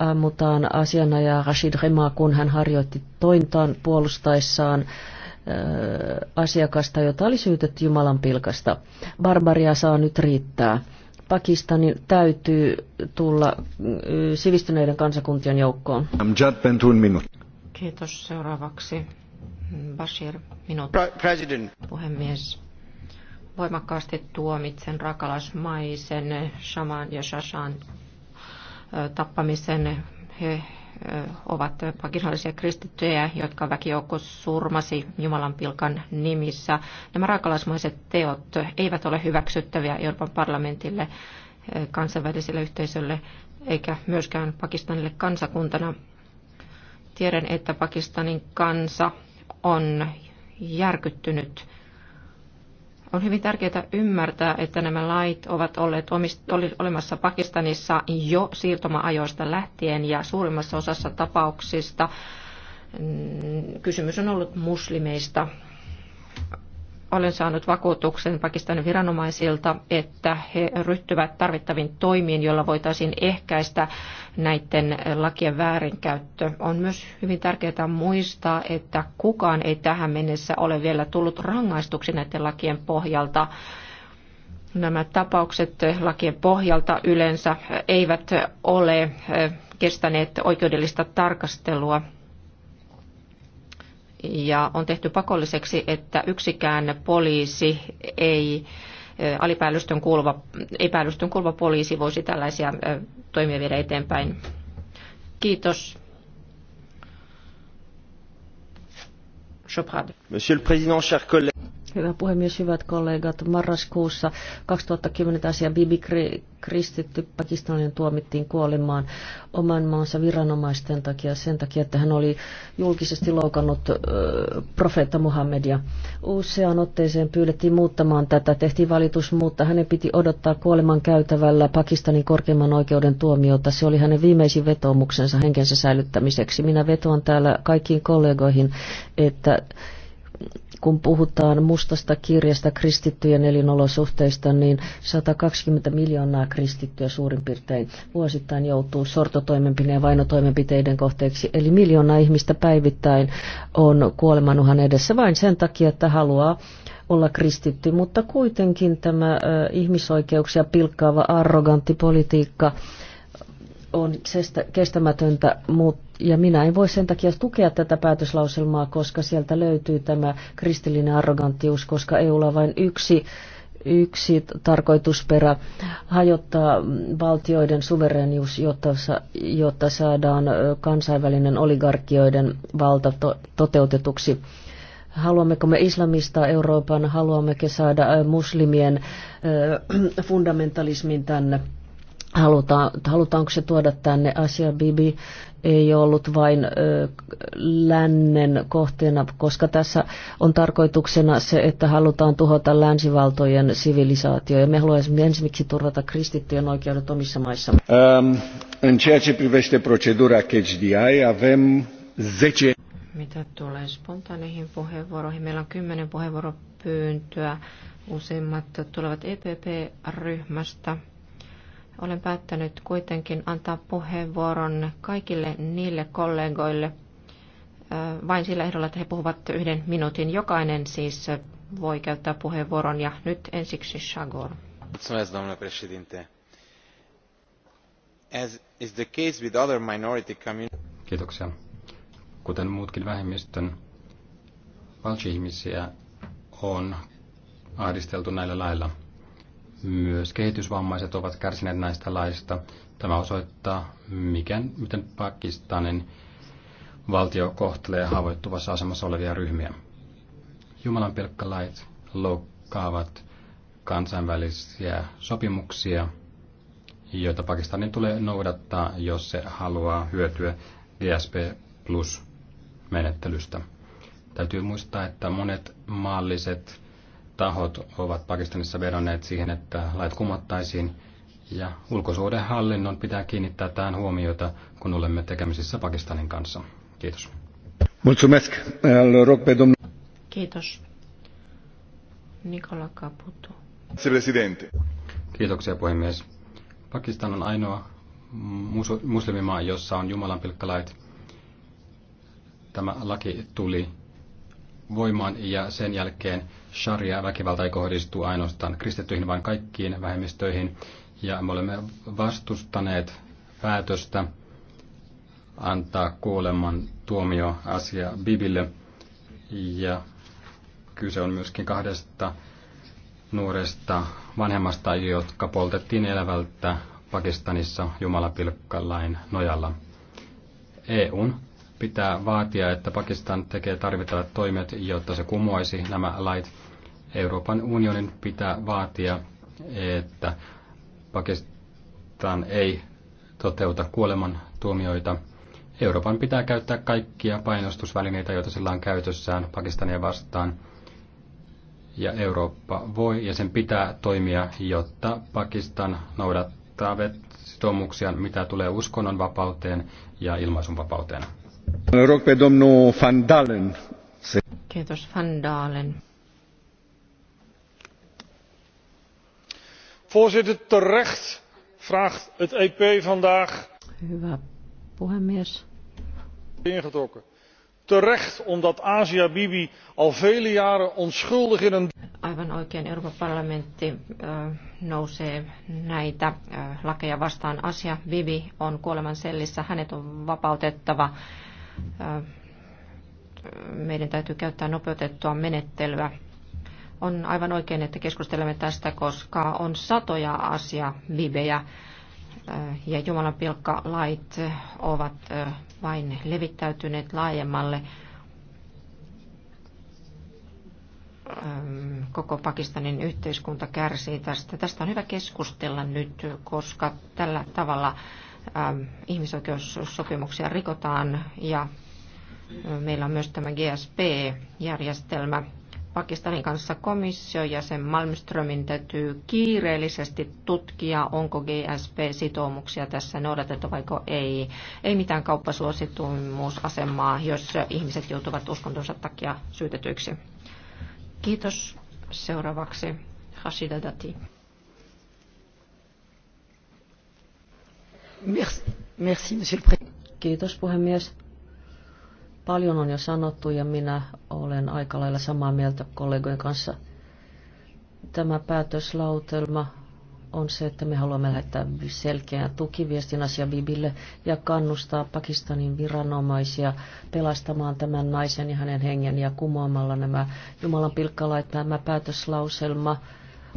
ammutaan asianajaja Rashid Remaa, kun hän harjoitti tointaan puolustaessaan äh, asiakasta, jota oli syytetty Jumalan pilkasta. Barbaria saa nyt riittää. Pakistanin täytyy tulla äh, sivistyneiden kansakuntien joukkoon. Kiitos seuraavaksi President. Puhemies. Voimakkaasti tuomitsen rakalasmaisen Shaman ja Shashan tappamisen. He ovat pakinallisia kristittyjä, jotka väkijoukko surmasi Jumalan pilkan nimissä. Nämä raakalaismaiset teot eivät ole hyväksyttäviä Euroopan parlamentille, kansainväliselle yhteisölle eikä myöskään Pakistanille kansakuntana. Tiedän, että Pakistanin kansa on järkyttynyt. On hyvin tärkeää ymmärtää, että nämä lait ovat olleet olemassa Pakistanissa jo siirtomaajoista lähtien ja suurimmassa osassa tapauksista mm, kysymys on ollut muslimeista olen saanut vakuutuksen Pakistanin viranomaisilta, että he ryhtyvät tarvittaviin toimiin, joilla voitaisiin ehkäistä näiden lakien väärinkäyttö. On myös hyvin tärkeää muistaa, että kukaan ei tähän mennessä ole vielä tullut rangaistuksi näiden lakien pohjalta nämä tapaukset lakien pohjalta yleensä eivät ole eh, kestäneet oikeudellista tarkastelua ja on tehty pakolliseksi, että yksikään poliisi ei alipäällystön kuuluva, ei päällystön kuuluva poliisi voisi tällaisia toimia viedä eteenpäin. Kiitos. Monsieur le Président, chers collègues. Hyvä puhemies, hyvät kollegat. Marraskuussa 2010 asia Bibi kristitty Pakistanin tuomittiin kuolemaan oman maansa viranomaisten takia sen takia, että hän oli julkisesti loukannut profeetta Muhammedia. Useaan otteeseen pyydettiin muuttamaan tätä, tehtiin valitus, mutta hänen piti odottaa kuoleman käytävällä Pakistanin korkeimman oikeuden tuomiota. Se oli hänen viimeisin vetoomuksensa henkensä säilyttämiseksi. Minä vetoan täällä kaikkiin kollegoihin, että kun puhutaan mustasta kirjasta kristittyjen elinolosuhteista, niin 120 miljoonaa kristittyä suurin piirtein vuosittain joutuu sortotoimenpiteiden ja vainotoimenpiteiden kohteeksi. Eli miljoona ihmistä päivittäin on kuolemanuhan edessä vain sen takia, että haluaa olla kristitty, mutta kuitenkin tämä ihmisoikeuksia pilkkaava arrogantti politiikka on kestämätöntä, mutta ja minä en voi sen takia tukea tätä päätöslauselmaa, koska sieltä löytyy tämä kristillinen arroganttius, koska eu on vain yksi, yksi tarkoitusperä hajottaa valtioiden suverenius, jotta, jotta saadaan kansainvälinen oligarkioiden valta to, toteutetuksi. Haluammeko me islamista Euroopan, haluammeko saada muslimien fundamentalismin tänne? halutaan, halutaanko se tuoda tänne. Asia Bibi ei ollut vain ö, lännen kohteena, koska tässä on tarkoituksena se, että halutaan tuhota länsivaltojen sivilisaatio. Ja me haluaisimme ensimmäiseksi turvata kristittyjen oikeudet omissa maissa. Um, ähm, in ceea ce privește procedura HDI, avem 10... Mitä tulee spontaaneihin puheenvuoroihin? Meillä on kymmenen puheenvuoropyyntöä. Useimmat tulevat EPP-ryhmästä. Olen päättänyt kuitenkin antaa puheenvuoron kaikille niille kollegoille vain sillä ehdolla, että he puhuvat yhden minuutin. Jokainen siis voi käyttää puheenvuoron ja nyt ensiksi Shagor. Mulțumesc, domnule președinte. As is the case with other minority Kiitoksia. Kuten muutkin vähemmistön valtsi on ahdisteltu näillä lailla – myös kehitysvammaiset ovat kärsineet näistä laista. Tämä osoittaa, miten, miten Pakistanin valtio kohtelee haavoittuvassa asemassa olevia ryhmiä. Jumalan pilkkalait loukkaavat kansainvälisiä sopimuksia, joita Pakistanin tulee noudattaa, jos se haluaa hyötyä GSP e Plus-menettelystä. Täytyy muistaa, että monet maalliset tahot ovat Pakistanissa vedonneet siihen, että lait kumottaisiin ja ulkosuhdehallinnon pitää kiinnittää tähän huomiota, kun olemme tekemisissä Pakistanin kanssa. Kiitos. Kiitos. Nikola Caputo. Kiitoksia puhemies. Pakistan on ainoa muslimimaa, jossa on Jumalan pilkkalait. Tämä laki tuli voimaan ja sen jälkeen sharia-väkivalta ei kohdistu ainoastaan kristittyihin, vaan kaikkiin vähemmistöihin. Ja me olemme vastustaneet päätöstä antaa kuoleman tuomio asia Bibille. Ja kyse on myöskin kahdesta nuoresta vanhemmasta, jotka poltettiin elävältä Pakistanissa jumalapilkkalain nojalla. EUn pitää vaatia, että Pakistan tekee tarvittavat toimet, jotta se kumoisi nämä lait Euroopan unionin pitää vaatia, että Pakistan ei toteuta kuoleman tuomioita. Euroopan pitää käyttää kaikkia painostusvälineitä, joita sillä on käytössään Pakistania vastaan. Ja Eurooppa voi ja sen pitää toimia, jotta Pakistan noudattaa sitoumuksia, mitä tulee uskonnonvapauteen ja ilmaisunvapauteen. Kiitos Van Dalen. voorzitter terecht vraagt het ep vandaag ingetrokken terecht omdat asia bibi al vele jaren onschuldig in een. aivan oikein euroopan parlamentti nousee näitä lakeja vastaan. asia bibi on kuoleman sellissä hänet on vapautettava meidän täytyy käyttää nopeutettua menettelyä on aivan oikein, että keskustelemme tästä, koska on satoja asia libejä äh, ja Jumalan pilkkalait äh, ovat äh, vain levittäytyneet laajemmalle ähm, koko Pakistanin yhteiskunta kärsii tästä. Tästä on hyvä keskustella nyt, koska tällä tavalla ähm, ihmisoikeussopimuksia rikotaan ja meillä on myös tämä GSP-järjestelmä, Pakistanin kanssa komissio ja sen Malmströmin täytyy kiireellisesti tutkia, onko GSP-sitoumuksia tässä noudatettu vai ei. Ei mitään kauppasuosituimuusasemaa, jos ihmiset joutuvat uskontonsa takia syytetyiksi. Kiitos. Seuraavaksi Hashida Dati. Merci, merci, monsieur le Kiitos puhemies Paljon on jo sanottu ja minä olen aika lailla samaa mieltä kollegojen kanssa. Tämä päätöslautelma on se, että me haluamme lähettää selkeän tukiviestin asia Bibille ja kannustaa Pakistanin viranomaisia pelastamaan tämän naisen ja hänen hengen ja kumoamalla nämä Jumalan pilkkalait, tämä päätöslauselma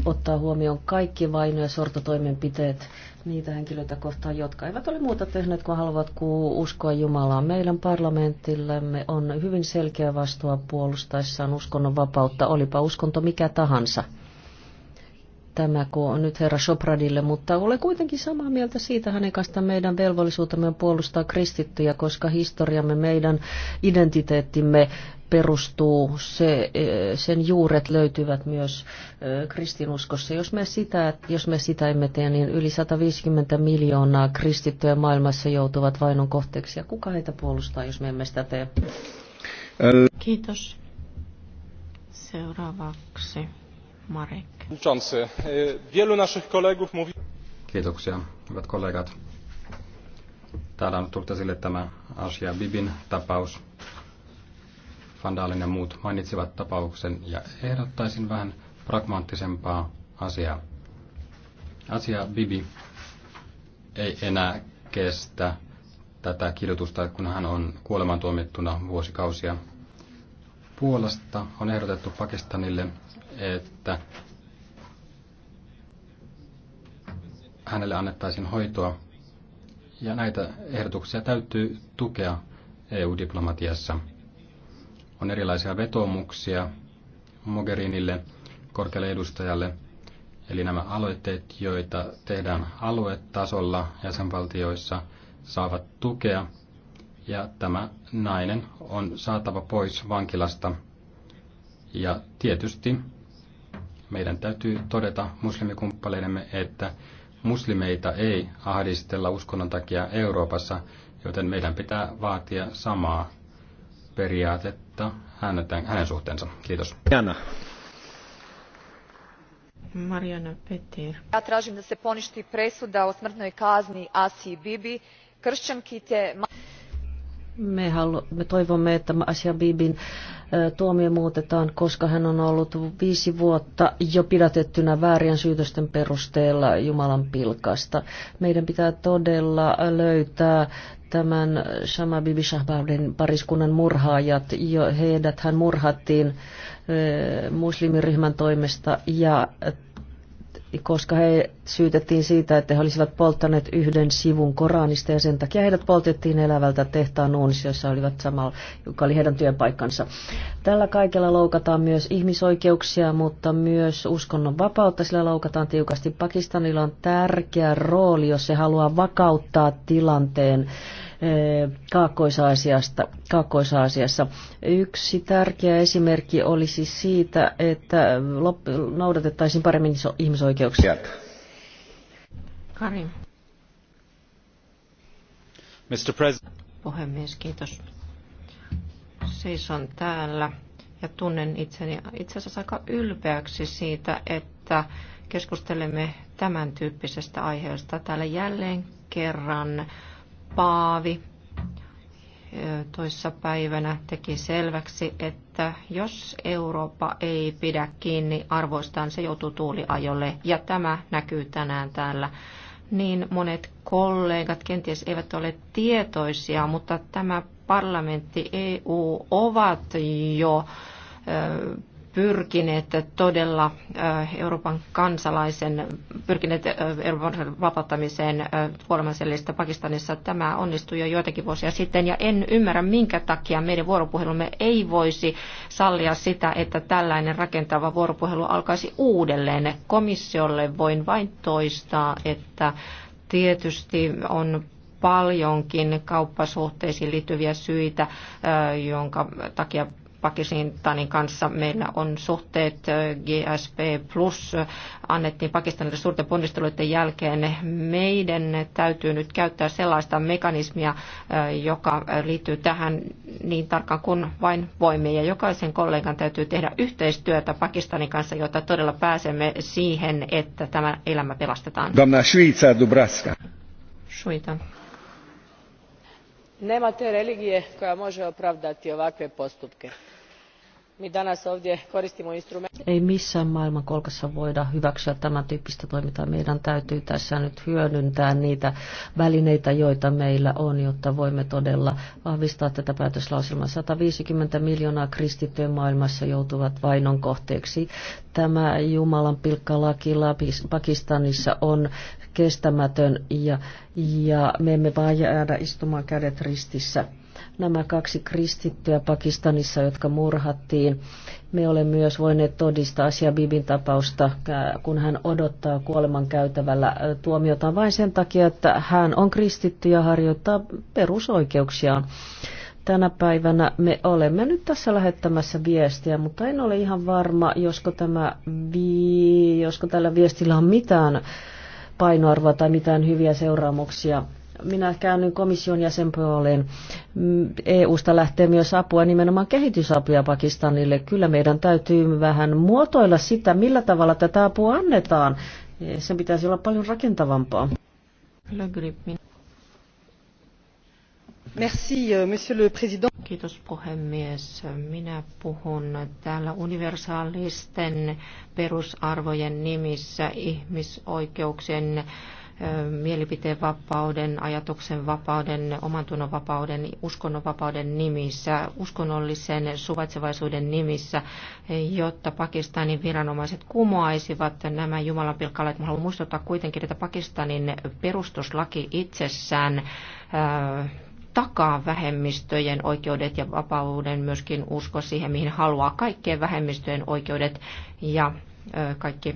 ottaa huomioon kaikki vaino- ja sortotoimenpiteet niitä henkilöitä kohtaan, jotka eivät ole muuta tehneet kuin haluavat uskoa Jumalaa. Meidän parlamentillemme on hyvin selkeä vastuu puolustaessaan uskonnon vapautta, olipa uskonto mikä tahansa tämä on nyt herra Sopradille, mutta olen kuitenkin samaa mieltä siitä hänen kanssaan meidän velvollisuutemme on puolustaa kristittyjä, koska historiamme, meidän identiteettimme perustuu, se, e, sen juuret löytyvät myös e, kristinuskossa. Jos me, sitä, jos me sitä emme tee, niin yli 150 miljoonaa kristittyä maailmassa joutuvat vainon kohteeksi. Ja kuka heitä puolustaa, jos me emme sitä tee? Kiitos. Seuraavaksi Marek. Kiitoksia, hyvät kollegat. Täällä on tullut esille tämä Asia Bibin tapaus. Fandaalin ja muut mainitsivat tapauksen ja ehdottaisin vähän pragmaattisempaa asiaa. Asia Bibi ei enää kestä tätä kidutusta, kun hän on kuolemantuomittuna vuosikausia. Puolasta on ehdotettu Pakistanille että hänelle annettaisiin hoitoa. Ja näitä ehdotuksia täytyy tukea EU-diplomatiassa. On erilaisia vetomuksia Mogherinille, korkealle edustajalle, eli nämä aloitteet, joita tehdään aluetasolla jäsenvaltioissa, saavat tukea, ja tämä nainen on saatava pois vankilasta. Ja tietysti meidän täytyy todeta muslimikumppaleidemme, että muslimeita ei ahdistella uskonnon takia Euroopassa, joten meidän pitää vaatia samaa periaatetta hänen, hänen suhteensa. Kiitos. Jana. Marjana Petir. Ja tražim da se poništi presuda o smrtnoj kazni Asi Bibi, kršćanki te... Me, halu- me toivomme, että Asia Bibin tuomio muutetaan, koska hän on ollut viisi vuotta jo pidätettynä väärien syytösten perusteella Jumalan pilkasta. Meidän pitää todella löytää tämän Shama Bibi Shahbaudin pariskunnan murhaajat. Jo heidät hän murhattiin muslimiryhmän toimesta ja koska he syytettiin siitä, että he olisivat polttaneet yhden sivun Koranista ja sen takia heidät poltettiin elävältä tehtaan uunissa, jossa olivat samalla, joka oli heidän työpaikkansa. Tällä kaikella loukataan myös ihmisoikeuksia, mutta myös uskonnon vapautta, sillä loukataan tiukasti. Pakistanilla on tärkeä rooli, jos se haluaa vakauttaa tilanteen Kaakkois-Aasiasta, Kaakkois-Aasiassa. Yksi tärkeä esimerkki olisi siitä, että noudatettaisiin paremmin ihmisoikeuksia. Karim. Mr. President. Puhemies, kiitos. Seison täällä ja tunnen itseni itse asiassa aika ylpeäksi siitä, että keskustelemme tämän tyyppisestä aiheesta täällä jälleen kerran Paavi toissa päivänä teki selväksi, että jos Eurooppa ei pidä kiinni arvoistaan, se joutuu tuuliajolle. Ja tämä näkyy tänään täällä. Niin monet kollegat kenties eivät ole tietoisia, mutta tämä parlamentti EU ovat jo pyrkineet todella äh, Euroopan kansalaisen, pyrkineet äh, Euroopan vapauttamiseen äh, kuolemanselistä Pakistanissa. Tämä onnistui jo joitakin vuosia sitten ja en ymmärrä minkä takia meidän vuoropuhelumme ei voisi sallia sitä, että tällainen rakentava vuoropuhelu alkaisi uudelleen. Komissiolle voin vain toistaa, että tietysti on paljonkin kauppasuhteisiin liittyviä syitä, jonka takia Pakistanin kanssa meillä on suhteet GSP+, plus annettiin Pakistanille suurten ponnisteluiden jälkeen. Meidän täytyy nyt käyttää sellaista mekanismia, joka liittyy tähän niin tarkkaan kuin vain voimme. Ja jokaisen kollegan täytyy tehdä yhteistyötä Pakistanin kanssa, jotta todella pääsemme siihen, että tämä elämä pelastetaan. Damna Suica Dubraska. Suita nema te religije koja moe opravdati ovakve postupke mi danas ovdje koristimo instrumente. Ei missään maailmankolkassa voida hyväksyä tämän tyyppistä toimintaa. Meidän täytyy tässä nyt hyödyntää niitä välineitä, joita meillä on, jotta voimme todella vahvistaa tätä päätöslauselmaa. 150 miljoonaa kristittyä maailmassa joutuvat vainon kohteeksi. Tämä Jumalan pilkkalaki Pakistanissa on kestämätön ja, ja me emme vaan jäädä istumaan kädet ristissä nämä kaksi kristittyä Pakistanissa, jotka murhattiin. Me olemme myös voineet todistaa Asia Bibin tapausta, äh, kun hän odottaa kuoleman käytävällä äh, tuomiotaan vain sen takia, että hän on kristitty ja harjoittaa perusoikeuksiaan. Tänä päivänä me olemme nyt tässä lähettämässä viestiä, mutta en ole ihan varma, josko, tämä vi... josko tällä viestillä on mitään painoarvoa tai mitään hyviä seuraamuksia minä käännyn komission jäsenpuoleen. EUsta lähtee myös apua, nimenomaan kehitysapuja Pakistanille. Kyllä meidän täytyy vähän muotoilla sitä, millä tavalla tätä apua annetaan. Se pitäisi olla paljon rakentavampaa. Merci, euh, monsieur le président. Kiitos puhemies. Minä puhun täällä universaalisten perusarvojen nimissä ihmisoikeuksien mielipiteen vapauden, ajatuksen vapauden, omantunnon vapauden, uskonnon vapauden nimissä, uskonnollisen suvaitsevaisuuden nimissä, jotta Pakistanin viranomaiset kumoaisivat nämä jumalanpilkkalait. haluan muistuttaa kuitenkin, että Pakistanin perustuslaki itsessään takaa vähemmistöjen oikeudet ja vapauden, myöskin usko siihen, mihin haluaa kaikkien vähemmistöjen oikeudet ja kaikki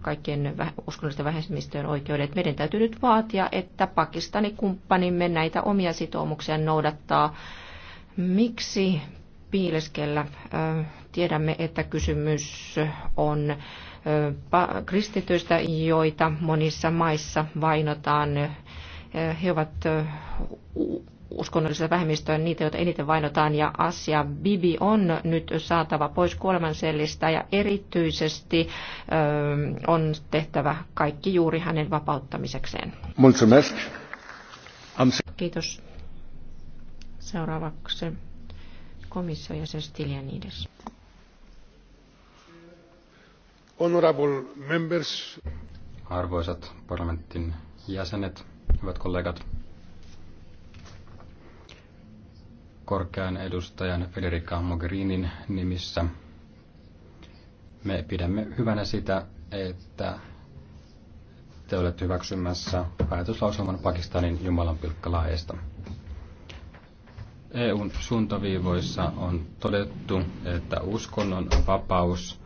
kaikkien uskonnollisten vähemmistöjen oikeudet. Meidän täytyy nyt vaatia, että Pakistani kumppanimme näitä omia sitoumuksia noudattaa. Miksi piileskellä? Tiedämme, että kysymys on kristityistä, joita monissa maissa vainotaan. He ovat uskonnollisia vähemmistöjä, niitä, joita eniten vainotaan, ja Asia Bibi on nyt saatava pois kuolemansellistä, ja erityisesti ö, on tehtävä kaikki juuri hänen vapauttamisekseen. Kiitos. Seuraavaksi komissio ja Stiljanides. Honorable members. Arvoisat parlamentin jäsenet, hyvät kollegat. korkean edustajan Federica Mogherinin nimissä. Me pidämme hyvänä sitä, että te olette hyväksymässä päätöslauselman Pakistanin pilkkalaajasta. EUn suuntaviivoissa on todettu, että uskonnon vapaus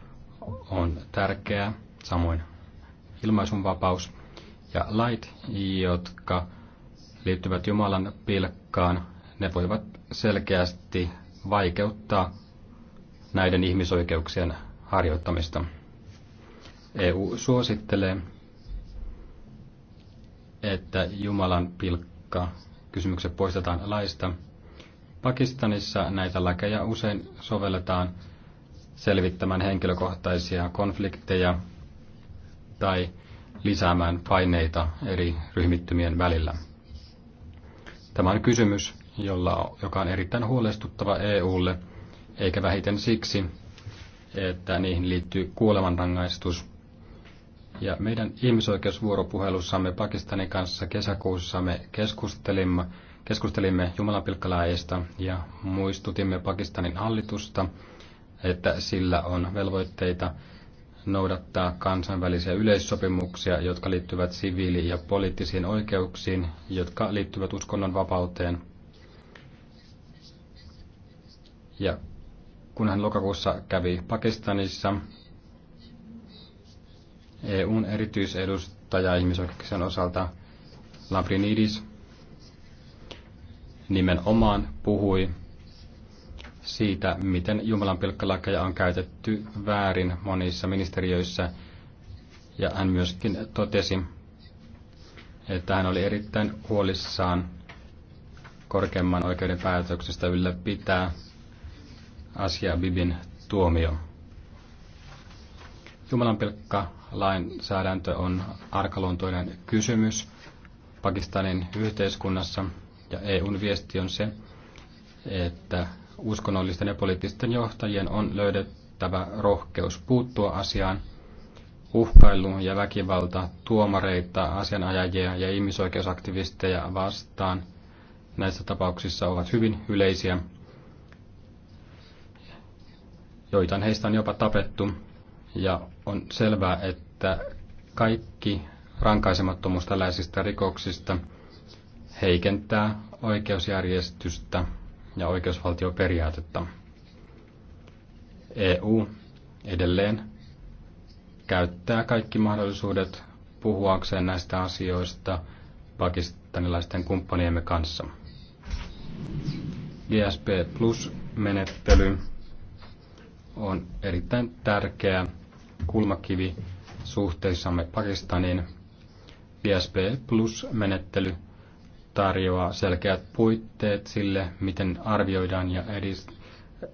on tärkeä, samoin ilmaisun vapaus ja lait, jotka liittyvät Jumalan pilkkaan, ne voivat selkeästi vaikeuttaa näiden ihmisoikeuksien harjoittamista. EU suosittelee, että Jumalan pilkka kysymykset poistetaan laista. Pakistanissa näitä lakeja usein sovelletaan selvittämään henkilökohtaisia konflikteja tai lisäämään paineita eri ryhmittymien välillä. Tämä on kysymys, jolla, joka on erittäin huolestuttava EUlle, eikä vähiten siksi, että niihin liittyy kuolemanrangaistus. Ja meidän ihmisoikeusvuoropuhelussamme Pakistanin kanssa kesäkuussa me keskustelimme, keskustelimme jumalanpilkkaläistä ja muistutimme Pakistanin hallitusta, että sillä on velvoitteita noudattaa kansainvälisiä yleissopimuksia, jotka liittyvät siviili- ja poliittisiin oikeuksiin, jotka liittyvät uskonnonvapauteen ja kun hän lokakuussa kävi Pakistanissa, EUn erityisedustaja ihmisoikeuksien osalta Lambrinidis nimenomaan puhui siitä, miten Jumalan pilkkalakeja on käytetty väärin monissa ministeriöissä. Ja hän myöskin totesi, että hän oli erittäin huolissaan korkeimman oikeuden päätöksestä ylläpitää Asia Bibin tuomio. Jumalan pilkka lainsäädäntö on arkaluontoinen kysymys Pakistanin yhteiskunnassa ja EUn viesti on se, että uskonnollisten ja poliittisten johtajien on löydettävä rohkeus puuttua asiaan. Uhkailu ja väkivalta tuomareita, asianajajia ja ihmisoikeusaktivisteja vastaan näissä tapauksissa ovat hyvin yleisiä – Joitain heistä on jopa tapettu ja on selvää, että kaikki rankaisemattomuus tällaisista rikoksista heikentää oikeusjärjestystä ja oikeusvaltioperiaatetta. EU edelleen käyttää kaikki mahdollisuudet puhuakseen näistä asioista pakistanilaisten kumppaniemme kanssa. GSP Plus-menettely on erittäin tärkeä kulmakivi suhteissamme Pakistaniin. Psp Plus-menettely tarjoaa selkeät puitteet sille, miten arvioidaan, ja edist-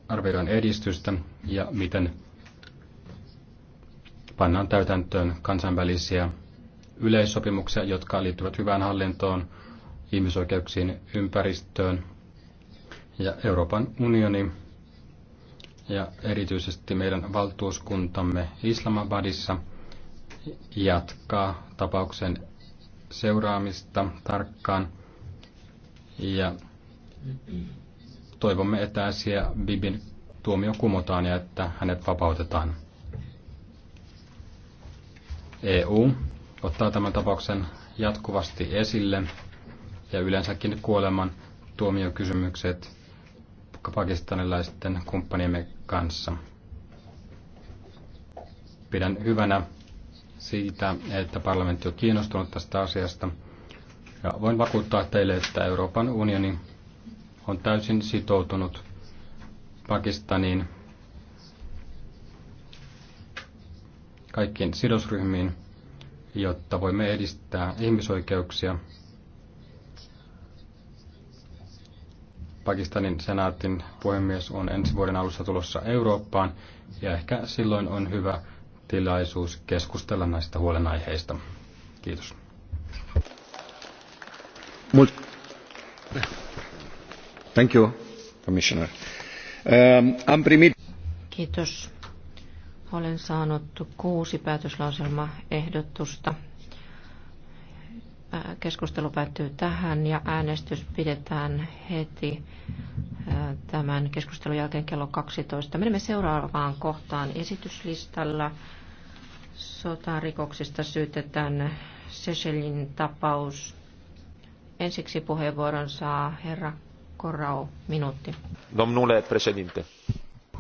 arvioidaan edistystä ja miten pannaan täytäntöön kansainvälisiä yleissopimuksia, jotka liittyvät hyvään hallintoon, ihmisoikeuksiin, ympäristöön. Ja Euroopan unioni ja erityisesti meidän valtuuskuntamme Islamabadissa jatkaa tapauksen seuraamista tarkkaan ja toivomme, että asia Bibin tuomio kumotaan ja että hänet vapautetaan. EU ottaa tämän tapauksen jatkuvasti esille ja yleensäkin kuoleman tuomiokysymykset pakistanilaisten kumppaniemme kanssa. Pidän hyvänä siitä, että parlamentti on kiinnostunut tästä asiasta. Ja voin vakuuttaa teille, että Euroopan unioni on täysin sitoutunut Pakistaniin, kaikkiin sidosryhmiin, jotta voimme edistää ihmisoikeuksia – Pakistanin senaatin puhemies on ensi vuoden alussa tulossa Eurooppaan ja ehkä silloin on hyvä tilaisuus keskustella näistä huolenaiheista. Kiitos. Thank you, Commissioner. Um, Kiitos. Olen saanut kuusi päätöslauselmaehdotusta keskustelu päättyy tähän ja äänestys pidetään heti tämän keskustelun jälkeen kello 12. Menemme seuraavaan kohtaan esityslistalla. Sotarikoksista syytetään Seselin tapaus. Ensiksi puheenvuoron saa herra Korau, minuutti. Domnule presidente.